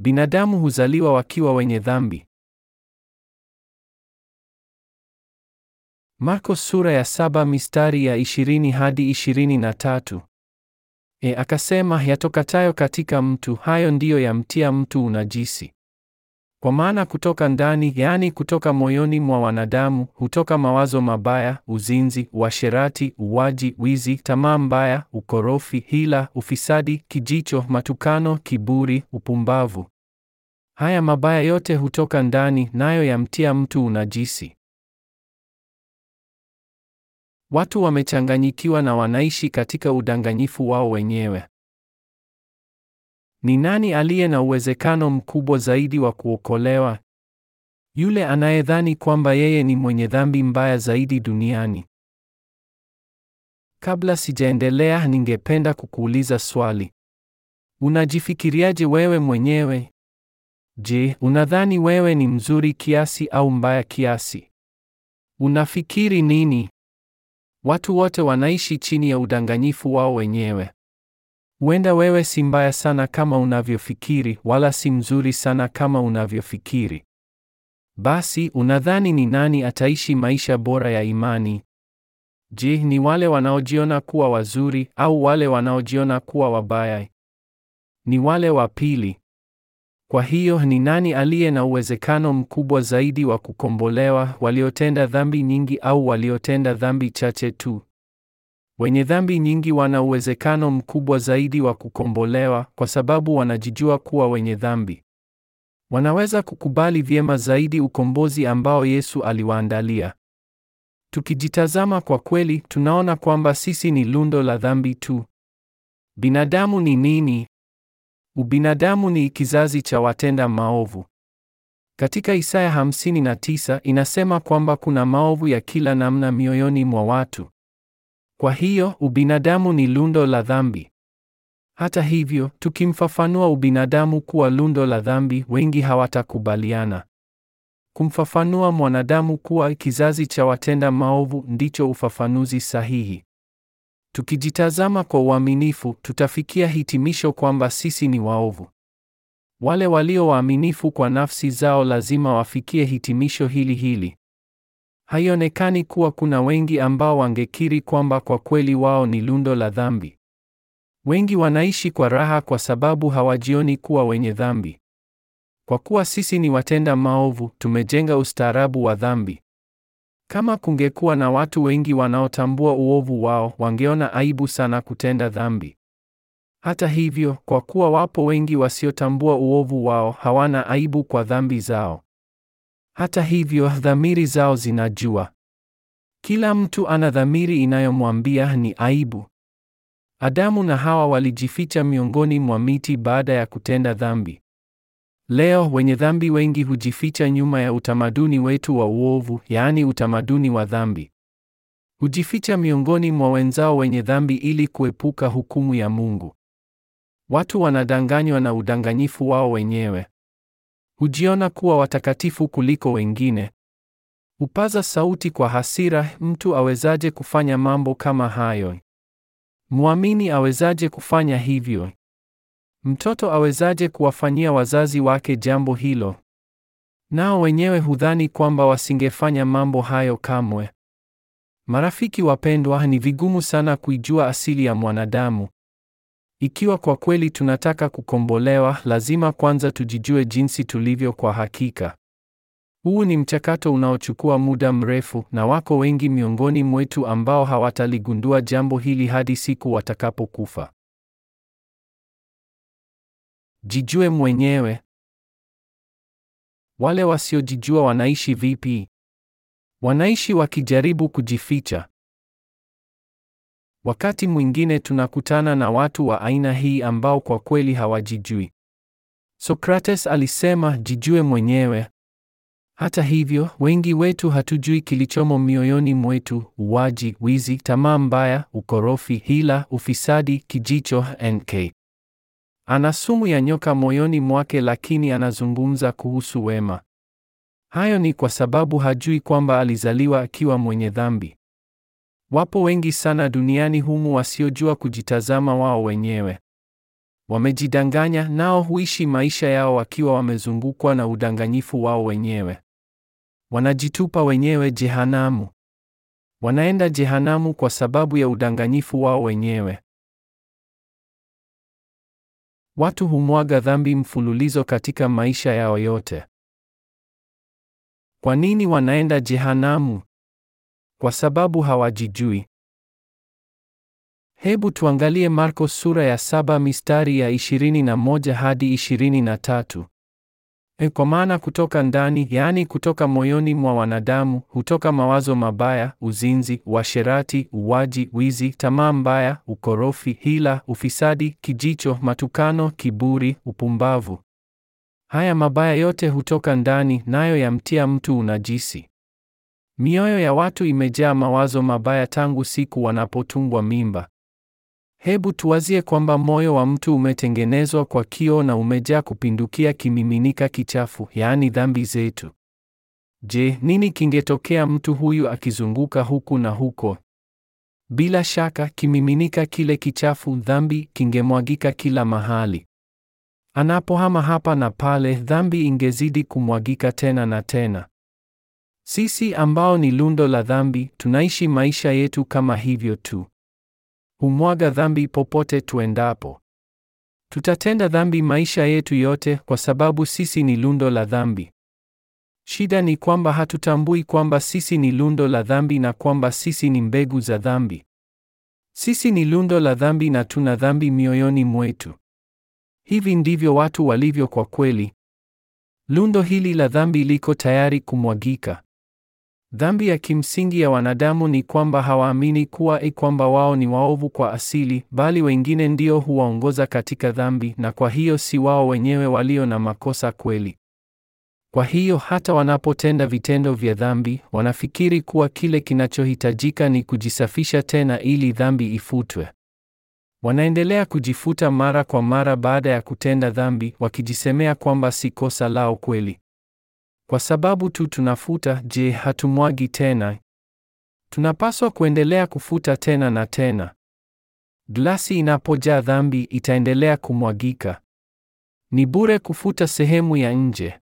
Binadamu huzaliwa wakiwa wenye dhambi. Marko sura ya saba mistari ya ishirini hadi ishirini na tatu. E, akasema yatokatayo katika mtu hayo ndiyo yamtia mtu unajisi. Kwa maana kutoka ndani, yaani kutoka moyoni mwa wanadamu, hutoka mawazo mabaya, uzinzi, uasherati, uwaji, wizi, tamaa mbaya, ukorofi, hila, ufisadi, kijicho, matukano, kiburi, upumbavu. Haya mabaya yote hutoka ndani, nayo yamtia mtu unajisi. Watu wamechanganyikiwa na wanaishi katika udanganyifu wao wenyewe. Ni nani aliye na uwezekano mkubwa zaidi wa kuokolewa? Yule anayedhani kwamba yeye ni mwenye dhambi mbaya zaidi duniani. Kabla sijaendelea, ningependa kukuuliza swali. Unajifikiriaje wewe mwenyewe? Je, unadhani wewe ni mzuri kiasi au mbaya kiasi? Unafikiri nini? Watu wote wanaishi chini ya udanganyifu wao wenyewe. Huenda wewe si mbaya sana kama unavyofikiri, wala si mzuri sana kama unavyofikiri. Basi unadhani ni nani ataishi maisha bora ya imani? Je, ni wale wanaojiona kuwa wazuri au wale wanaojiona kuwa wabaya? Ni wale wa pili. Kwa hiyo ni nani aliye na uwezekano mkubwa zaidi wa kukombolewa, waliotenda dhambi nyingi au waliotenda dhambi chache tu? Wenye dhambi nyingi wana uwezekano mkubwa zaidi wa kukombolewa kwa sababu wanajijua kuwa wenye dhambi. Wanaweza kukubali vyema zaidi ukombozi ambao Yesu aliwaandalia. Tukijitazama kwa kweli, tunaona kwamba sisi ni lundo la dhambi tu. Binadamu ni nini? Ubinadamu ni kizazi cha watenda maovu. Katika Isaya 59 inasema kwamba kuna maovu ya kila namna mioyoni mwa watu. Kwa hiyo ubinadamu ni lundo la dhambi. Hata hivyo, tukimfafanua ubinadamu kuwa lundo la dhambi, wengi hawatakubaliana. Kumfafanua mwanadamu kuwa kizazi cha watenda maovu ndicho ufafanuzi sahihi. Tukijitazama kwa uaminifu, tutafikia hitimisho kwamba sisi ni waovu. Wale walio waaminifu kwa nafsi zao lazima wafikie hitimisho hili hili. Haionekani kuwa kuna wengi ambao wangekiri kwamba kwa kweli wao ni lundo la dhambi. Wengi wanaishi kwa raha kwa sababu hawajioni kuwa wenye dhambi. Kwa kuwa sisi ni watenda maovu, tumejenga ustaarabu wa dhambi. Kama kungekuwa na watu wengi wanaotambua uovu wao, wangeona aibu sana kutenda dhambi. Hata hivyo, kwa kuwa wapo wengi wasiotambua uovu wao, hawana aibu kwa dhambi zao. Hata hivyo, dhamiri zao zinajua. Kila mtu ana dhamiri inayomwambia ni aibu. Adamu na Hawa walijificha miongoni mwa miti baada ya kutenda dhambi. Leo wenye dhambi wengi hujificha nyuma ya utamaduni wetu wa uovu, yaani utamaduni wa dhambi. Hujificha miongoni mwa wenzao wenye dhambi ili kuepuka hukumu ya Mungu. Watu wanadanganywa na udanganyifu wao wenyewe hujiona kuwa watakatifu kuliko wengine. upaza sauti kwa hasira, mtu awezaje kufanya mambo kama hayo? Mwamini awezaje kufanya hivyo? Mtoto awezaje kuwafanyia wazazi wake jambo hilo? Nao wenyewe hudhani kwamba wasingefanya mambo hayo kamwe. Marafiki wapendwa, ni vigumu sana kuijua asili ya mwanadamu. Ikiwa kwa kweli tunataka kukombolewa, lazima kwanza tujijue jinsi tulivyo kwa hakika. Huu ni mchakato unaochukua muda mrefu na wako wengi miongoni mwetu ambao hawataligundua jambo hili hadi siku watakapokufa. Jijue mwenyewe. Wale wasiojijua wanaishi vipi? Wanaishi wakijaribu kujificha, Wakati mwingine tunakutana na watu wa aina hii ambao kwa kweli hawajijui. socrates alisema, jijue mwenyewe. Hata hivyo, wengi wetu hatujui kilichomo mioyoni mwetu: uwaji, wizi, tamaa mbaya, ukorofi, hila, ufisadi, kijicho, nk. Ana sumu ya nyoka moyoni mwake, lakini anazungumza kuhusu wema. Hayo ni kwa sababu hajui kwamba alizaliwa akiwa mwenye dhambi. Wapo wengi sana duniani humu wasiojua kujitazama wao wenyewe. Wamejidanganya nao huishi maisha yao wakiwa wamezungukwa na udanganyifu wao wenyewe. Wanajitupa wenyewe jehanamu. Wanaenda jehanamu kwa sababu ya udanganyifu wao wenyewe. Watu humwaga dhambi mfululizo katika maisha yao yote. Kwa nini wanaenda jehanamu? kwa sababu hawajijui. Hebu tuangalie Marko sura ya saba mistari ya 21 hadi 23. E, kwa maana kutoka ndani, yaani kutoka moyoni mwa wanadamu, hutoka mawazo mabaya, uzinzi, uasherati, uwaji, wizi, tamaa mbaya, ukorofi, hila, ufisadi, kijicho, matukano, kiburi, upumbavu. Haya mabaya yote hutoka ndani, nayo yamtia mtu unajisi. Mioyo ya watu imejaa mawazo mabaya tangu siku wanapotungwa mimba. Hebu tuwazie kwamba moyo wa mtu umetengenezwa kwa kioo na umejaa kupindukia kimiminika kichafu, yaani dhambi zetu. Je, nini kingetokea mtu huyu akizunguka huku na huko? Bila shaka kimiminika kile kichafu, dhambi, kingemwagika kila mahali. Anapohama hapa na pale, dhambi ingezidi kumwagika tena na tena. Sisi ambao ni lundo la dhambi, tunaishi maisha yetu kama hivyo tu. Humwaga dhambi popote tuendapo. Tutatenda dhambi maisha yetu yote kwa sababu sisi ni lundo la dhambi. Shida ni kwamba hatutambui kwamba sisi ni lundo la dhambi na kwamba sisi ni mbegu za dhambi. Sisi ni lundo la dhambi na tuna dhambi mioyoni mwetu. Hivi ndivyo watu walivyo kwa kweli. Lundo hili la dhambi liko tayari kumwagika. Dhambi ya kimsingi ya wanadamu ni kwamba hawaamini kuwa i kwamba wao ni waovu kwa asili, bali wengine ndio huwaongoza katika dhambi, na kwa hiyo si wao wenyewe walio na makosa kweli. Kwa hiyo hata wanapotenda vitendo vya dhambi, wanafikiri kuwa kile kinachohitajika ni kujisafisha tena ili dhambi ifutwe. Wanaendelea kujifuta mara kwa mara baada ya kutenda dhambi, wakijisemea kwamba si kosa lao kweli. Kwa sababu tu tunafuta, je, hatumwagi tena? Tunapaswa kuendelea kufuta tena na tena. Glasi inapojaa dhambi itaendelea kumwagika. Ni bure kufuta sehemu ya nje.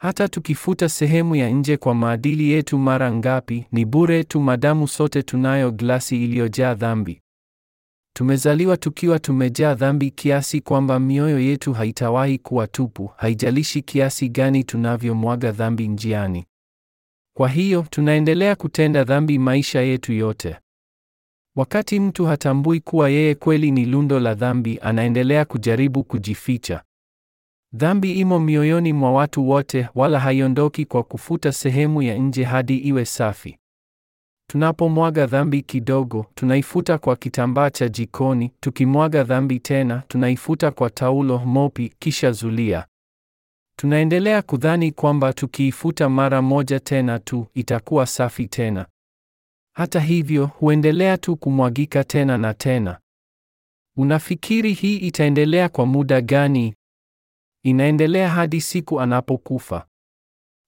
Hata tukifuta sehemu ya nje kwa maadili yetu mara ngapi, ni bure tu madamu sote tunayo glasi iliyojaa dhambi. Tumezaliwa tukiwa tumejaa dhambi kiasi kwamba mioyo yetu haitawahi kuwa tupu, haijalishi kiasi gani tunavyomwaga dhambi njiani. Kwa hiyo tunaendelea kutenda dhambi maisha yetu yote. Wakati mtu hatambui kuwa yeye kweli ni lundo la dhambi, anaendelea kujaribu kujificha. Dhambi imo mioyoni mwa watu wote, wala haiondoki kwa kufuta sehemu ya nje hadi iwe safi. Tunapomwaga dhambi kidogo, tunaifuta kwa kitambaa cha jikoni, tukimwaga dhambi tena, tunaifuta kwa taulo, mopi, kisha zulia. Tunaendelea kudhani kwamba tukiifuta mara moja tena tu, itakuwa safi tena. Hata hivyo, huendelea tu kumwagika tena na tena. Unafikiri hii itaendelea kwa muda gani? Inaendelea hadi siku anapokufa.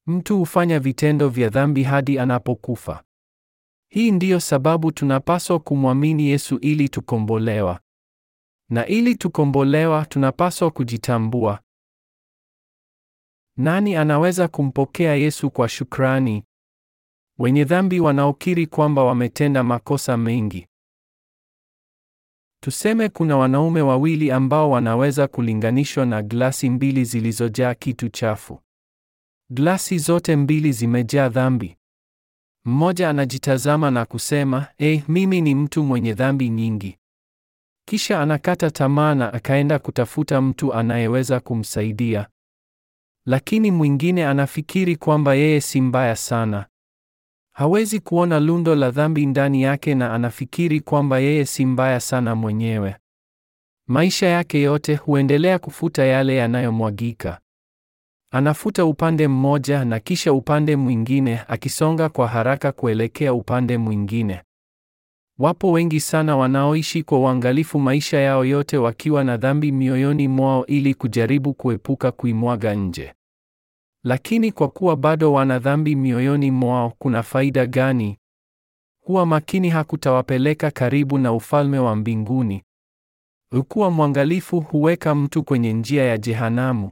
Mtu hufanya vitendo vya dhambi hadi anapokufa. Hii ndiyo sababu tunapaswa kumwamini Yesu ili tukombolewa. Na ili tukombolewa tunapaswa kujitambua. Nani anaweza kumpokea Yesu kwa shukrani? Wenye dhambi wanaokiri kwamba wametenda makosa mengi. Tuseme kuna wanaume wawili ambao wanaweza kulinganishwa na glasi mbili zilizojaa kitu chafu. Glasi zote mbili zimejaa dhambi. Mmoja anajitazama na kusema, eh, mimi ni mtu mwenye dhambi nyingi. Kisha anakata tamaa na akaenda kutafuta mtu anayeweza kumsaidia. Lakini mwingine anafikiri kwamba yeye si mbaya sana. Hawezi kuona lundo la dhambi ndani yake na anafikiri kwamba yeye si mbaya sana mwenyewe. Maisha yake yote huendelea kufuta yale yanayomwagika. Anafuta upande mmoja na kisha upande mwingine, akisonga kwa haraka kuelekea upande mwingine. Wapo wengi sana wanaoishi kwa uangalifu maisha yao yote wakiwa na dhambi mioyoni mwao ili kujaribu kuepuka kuimwaga nje. Lakini kwa kuwa bado wana dhambi mioyoni mwao, kuna faida gani? Kuwa makini hakutawapeleka karibu na ufalme wa mbinguni. Ukuwa mwangalifu huweka mtu kwenye njia ya jehanamu.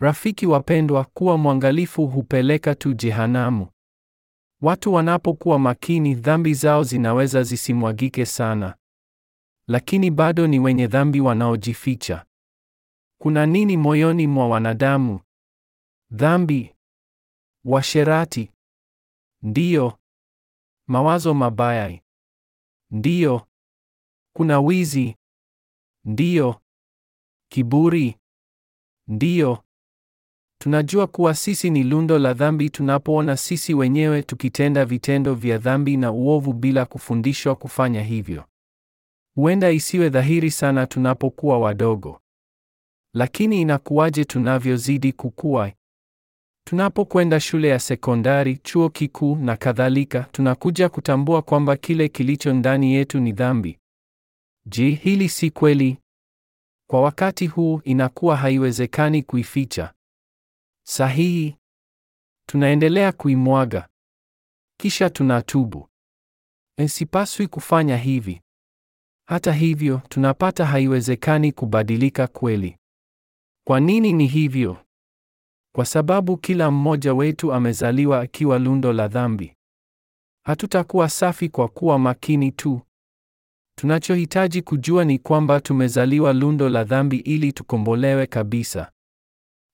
Rafiki wapendwa, kuwa mwangalifu hupeleka tu jehanamu. Watu wanapokuwa makini, dhambi zao zinaweza zisimwagike sana, lakini bado ni wenye dhambi wanaojificha. Kuna nini moyoni mwa wanadamu? Dhambi, washerati, ndiyo. Mawazo mabaya, ndiyo. Kuna wizi, ndiyo. Kiburi, ndiyo. Tunajua kuwa sisi ni lundo la dhambi tunapoona sisi wenyewe tukitenda vitendo vya dhambi na uovu bila kufundishwa kufanya hivyo. Huenda isiwe dhahiri sana tunapokuwa wadogo. Lakini inakuwaje tunavyozidi kukua? Tunapokwenda shule ya sekondari, chuo kikuu na kadhalika, tunakuja kutambua kwamba kile kilicho ndani yetu ni dhambi. Je, hili si kweli? Kwa wakati huu inakuwa haiwezekani kuificha sahihi, tunaendelea kuimwaga, kisha tunatubu. Sipaswi kufanya hivi. Hata hivyo, tunapata haiwezekani kubadilika kweli. Kwa nini ni hivyo? Kwa sababu kila mmoja wetu amezaliwa akiwa lundo la dhambi. Hatutakuwa safi kwa kuwa makini tu. Tunachohitaji kujua ni kwamba tumezaliwa lundo la dhambi ili tukombolewe kabisa.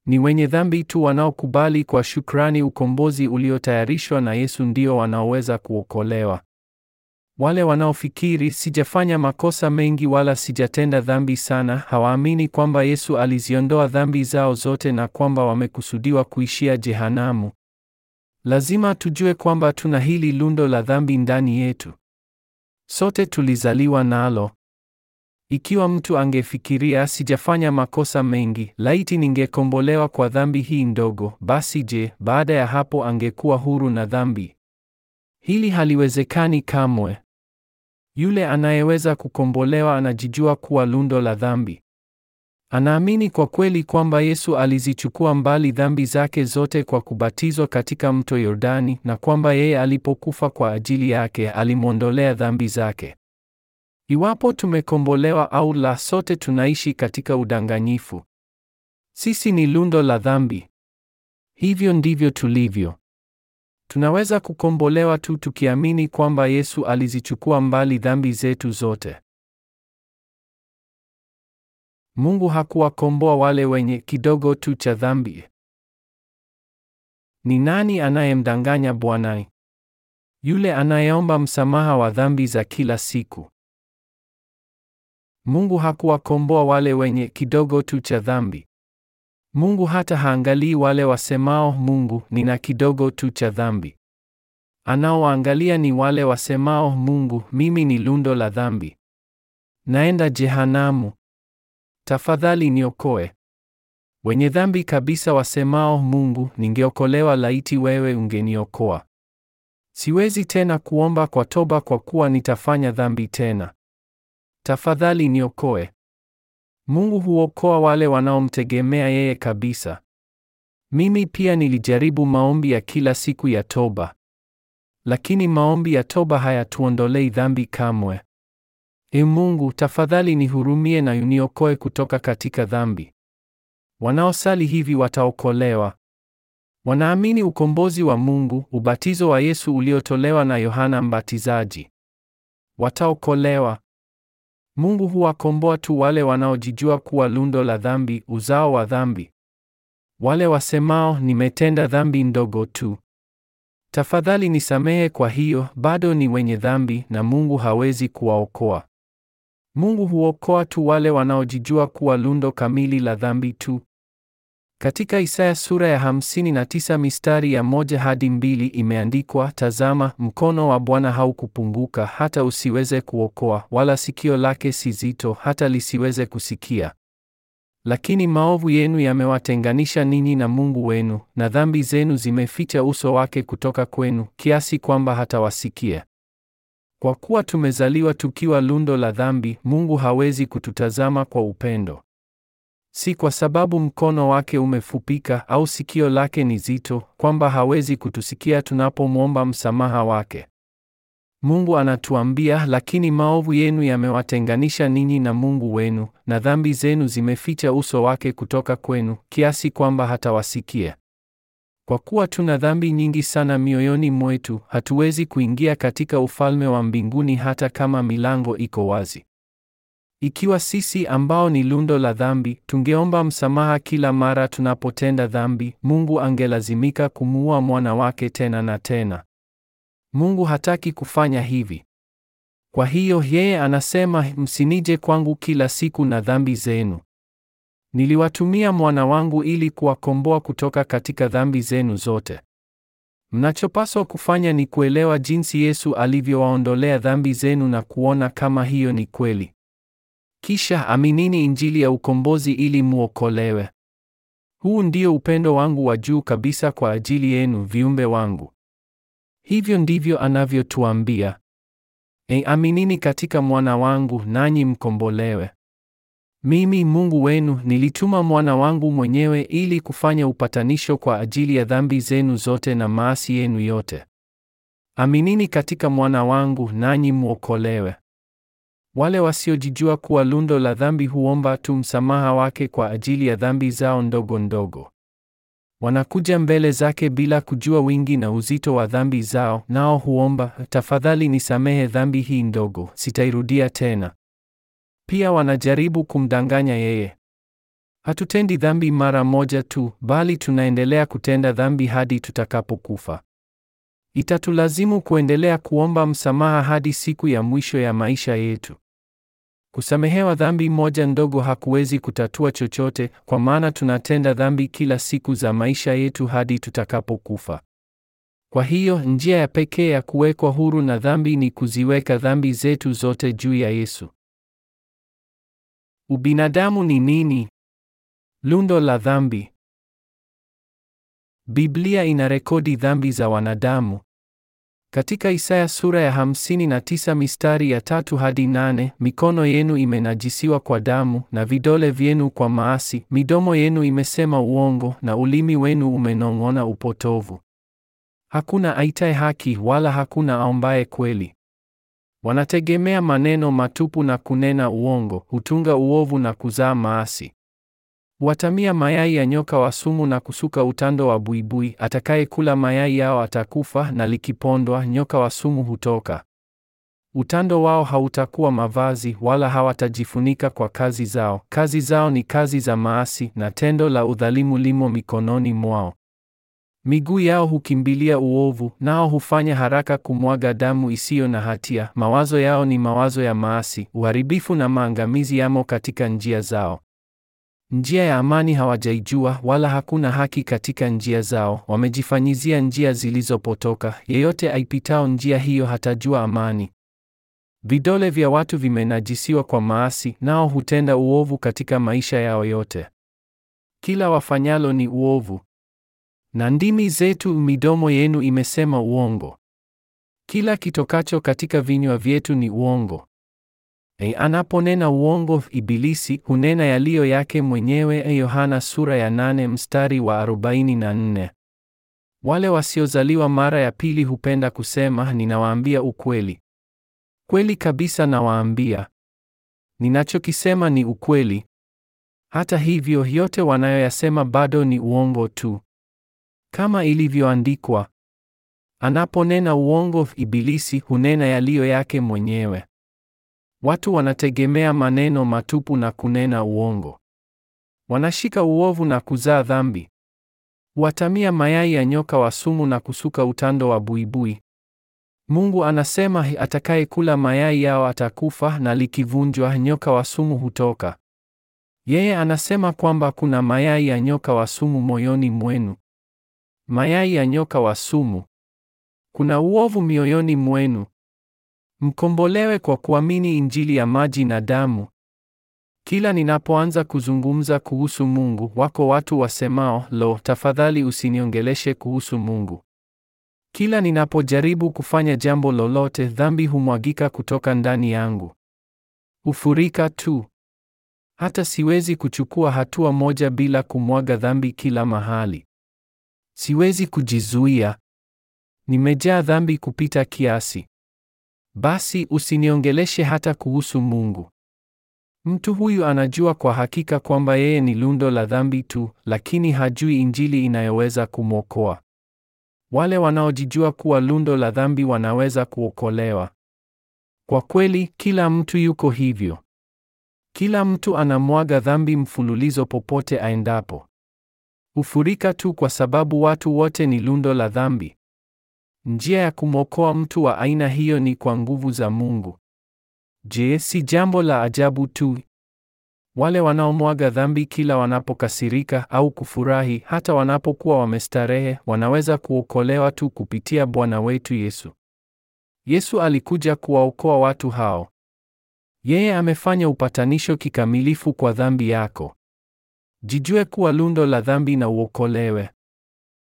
Ni wenye dhambi tu wanaokubali kwa shukrani ukombozi uliotayarishwa na Yesu ndio wanaoweza kuokolewa. Wale wanaofikiri sijafanya makosa mengi wala sijatenda dhambi sana, hawaamini kwamba Yesu aliziondoa dhambi zao zote na kwamba wamekusudiwa kuishia jehanamu. Lazima tujue kwamba tuna hili lundo la dhambi ndani yetu. Sote tulizaliwa nalo. Ikiwa mtu angefikiria sijafanya makosa mengi, laiti ningekombolewa kwa dhambi hii ndogo, basi je, baada ya hapo angekuwa huru na dhambi? Hili haliwezekani kamwe. Yule anayeweza kukombolewa anajijua kuwa lundo la dhambi. Anaamini kwa kweli kwamba Yesu alizichukua mbali dhambi zake zote kwa kubatizwa katika mto Yordani na kwamba yeye alipokufa kwa ajili yake alimwondolea dhambi zake. Iwapo tumekombolewa au la, sote tunaishi katika udanganyifu. Sisi ni lundo la dhambi. Hivyo ndivyo tulivyo. Tunaweza kukombolewa tu tukiamini kwamba Yesu alizichukua mbali dhambi zetu zote. Mungu hakuwakomboa wale wenye kidogo tu cha dhambi. Ni nani anayemdanganya Bwana? Yule anayeomba msamaha wa dhambi za kila siku. Mungu hakuwakomboa wale wenye kidogo tu cha dhambi. Mungu hata haangalii wale wasemao Mungu nina kidogo tu cha dhambi. Anaoangalia ni wale wasemao Mungu mimi ni lundo la dhambi. Naenda jehanamu. Tafadhali niokoe. Wenye dhambi kabisa wasemao Mungu ningeokolewa laiti wewe ungeniokoa. Siwezi tena kuomba kwa toba kwa kuwa nitafanya dhambi tena. Tafadhali niokoe. Mungu huokoa wale wanaomtegemea yeye kabisa. Mimi pia nilijaribu maombi ya kila siku ya toba. Lakini maombi ya toba hayatuondolei dhambi kamwe. E Mungu, tafadhali nihurumie na uniokoe kutoka katika dhambi. Wanaosali hivi wataokolewa. Wanaamini ukombozi wa Mungu, ubatizo wa Yesu uliotolewa na Yohana Mbatizaji. Wataokolewa. Mungu huwakomboa tu wale wanaojijua kuwa lundo la dhambi, uzao wa dhambi. Wale wasemao nimetenda dhambi ndogo tu, tafadhali nisamehe, kwa hiyo bado ni wenye dhambi na Mungu hawezi kuwaokoa. Mungu huokoa tu wale wanaojijua kuwa lundo kamili la dhambi tu. Katika Isaya sura ya 59 mistari ya moja hadi mbili imeandikwa, tazama, mkono wa Bwana haukupunguka hata usiweze kuokoa, wala sikio lake si zito hata lisiweze kusikia. Lakini maovu yenu yamewatenganisha ninyi na Mungu wenu, na dhambi zenu zimeficha uso wake kutoka kwenu, kiasi kwamba hatawasikia. Kwa kuwa tumezaliwa tukiwa lundo la dhambi, Mungu hawezi kututazama kwa upendo. Si kwa sababu mkono wake umefupika au sikio lake ni zito, kwamba hawezi kutusikia tunapomwomba msamaha wake. Mungu anatuambia, lakini maovu yenu yamewatenganisha ninyi na Mungu wenu, na dhambi zenu zimeficha uso wake kutoka kwenu, kiasi kwamba hatawasikia. Kwa kuwa tuna dhambi nyingi sana mioyoni mwetu, hatuwezi kuingia katika ufalme wa mbinguni hata kama milango iko wazi. Ikiwa sisi ambao ni lundo la dhambi tungeomba msamaha kila mara tunapotenda dhambi, Mungu angelazimika kumuua mwana wake tena na tena. Mungu hataki kufanya hivi. Kwa hiyo yeye anasema, msinije kwangu kila siku na dhambi zenu. Niliwatumia mwana wangu ili kuwakomboa kutoka katika dhambi zenu zote. Mnachopaswa kufanya ni kuelewa jinsi Yesu alivyowaondolea dhambi zenu na kuona kama hiyo ni kweli. Kisha aminini Injili ya ukombozi ili muokolewe. Huu ndio upendo wangu wa juu kabisa kwa ajili yenu viumbe wangu. Hivyo ndivyo anavyotuambia. E, aminini katika mwana wangu nanyi mkombolewe. Mimi Mungu wenu nilituma mwana wangu mwenyewe ili kufanya upatanisho kwa ajili ya dhambi zenu zote na maasi yenu yote. Aminini katika mwana wangu nanyi mwokolewe. Wale wasiojijua kuwa lundo la dhambi huomba tu msamaha wake kwa ajili ya dhambi zao ndogo ndogo. Wanakuja mbele zake bila kujua wingi na uzito wa dhambi zao, nao huomba, tafadhali nisamehe dhambi hii ndogo, sitairudia tena. Pia wanajaribu kumdanganya yeye. Hatutendi dhambi mara moja tu, bali tunaendelea kutenda dhambi hadi tutakapokufa. Itatulazimu kuendelea kuomba msamaha hadi siku ya mwisho ya maisha yetu. Kusamehewa dhambi moja ndogo hakuwezi kutatua chochote, kwa maana tunatenda dhambi kila siku za maisha yetu hadi tutakapokufa. Kwa hiyo, njia ya pekee ya kuwekwa huru na dhambi ni kuziweka dhambi zetu zote juu ya Yesu. Ubinadamu ni nini? Lundo la dhambi. Biblia inarekodi dhambi za wanadamu. Katika Isaya sura ya 59 mistari ya tatu hadi nane, mikono yenu imenajisiwa kwa damu na vidole vyenu kwa maasi, midomo yenu imesema uongo na ulimi wenu umenong'ona upotovu. Hakuna aitaye haki wala hakuna aombaye kweli. Wanategemea maneno matupu na kunena uongo, hutunga uovu na kuzaa maasi. Watamia mayai ya nyoka wa sumu na kusuka utando wa buibui, atakayekula mayai yao atakufa, na likipondwa nyoka wa sumu hutoka. Utando wao hautakuwa mavazi, wala hawatajifunika kwa kazi zao. Kazi zao ni kazi za maasi, na tendo la udhalimu limo mikononi mwao. Miguu yao hukimbilia uovu, nao hufanya haraka kumwaga damu isiyo na hatia. Mawazo yao ni mawazo ya maasi, uharibifu na maangamizi yamo katika njia zao. Njia ya amani hawajaijua, wala hakuna haki katika njia zao; wamejifanyizia njia zilizopotoka. Yeyote aipitao njia hiyo hatajua amani. Vidole vya watu vimenajisiwa kwa maasi, nao hutenda uovu katika maisha yao yote. Kila wafanyalo ni uovu. Na ndimi zetu, midomo yenu imesema uongo. Kila kitokacho katika vinywa vyetu ni uongo. E, anaponena uongo Ibilisi hunena yaliyo yake mwenyewe. E, Yohana sura ya nane mstari wa arobaini na nne. Wale wasiozaliwa mara ya pili hupenda kusema ninawaambia ukweli. Kweli kabisa nawaambia, ninachokisema ni ukweli. Hata hivyo, yote wanayoyasema bado ni uongo tu, kama ilivyoandikwa, anaponena uongo Ibilisi hunena yaliyo yake mwenyewe. Watu wanategemea maneno matupu na kunena uongo. Wanashika uovu na kuzaa dhambi. Watamia mayai ya nyoka wa sumu na kusuka utando wa buibui. Mungu anasema atakayekula mayai yao atakufa, na likivunjwa nyoka wa sumu hutoka. Yeye anasema kwamba kuna mayai ya nyoka wa sumu moyoni mwenu. Mayai ya nyoka wa sumu. Kuna uovu mioyoni mwenu. Mkombolewe kwa kuamini Injili ya maji na damu. Kila ninapoanza kuzungumza kuhusu Mungu, wako watu wasemao, "Lo, tafadhali usiniongeleshe kuhusu Mungu." Kila ninapojaribu kufanya jambo lolote, dhambi humwagika kutoka ndani yangu. Hufurika tu. Hata siwezi kuchukua hatua moja bila kumwaga dhambi kila mahali. Siwezi kujizuia. Nimejaa dhambi kupita kiasi. Basi usiniongeleshe hata kuhusu Mungu. Mtu huyu anajua kwa hakika kwamba yeye ni lundo la dhambi tu, lakini hajui injili inayoweza kumwokoa. Wale wanaojijua kuwa lundo la dhambi wanaweza kuokolewa. Kwa kweli, kila mtu yuko hivyo. Kila mtu anamwaga dhambi mfululizo popote aendapo. Hufurika tu kwa sababu watu wote ni lundo la dhambi. Njia ya kumwokoa mtu wa aina hiyo ni kwa nguvu za Mungu. Je, si jambo la ajabu tu? Wale wanaomwaga dhambi kila wanapokasirika au kufurahi, hata wanapokuwa wamestarehe, wanaweza kuokolewa tu kupitia Bwana wetu Yesu. Yesu alikuja kuwaokoa watu hao. Yeye amefanya upatanisho kikamilifu kwa dhambi yako. Jijue kuwa lundo la dhambi na uokolewe.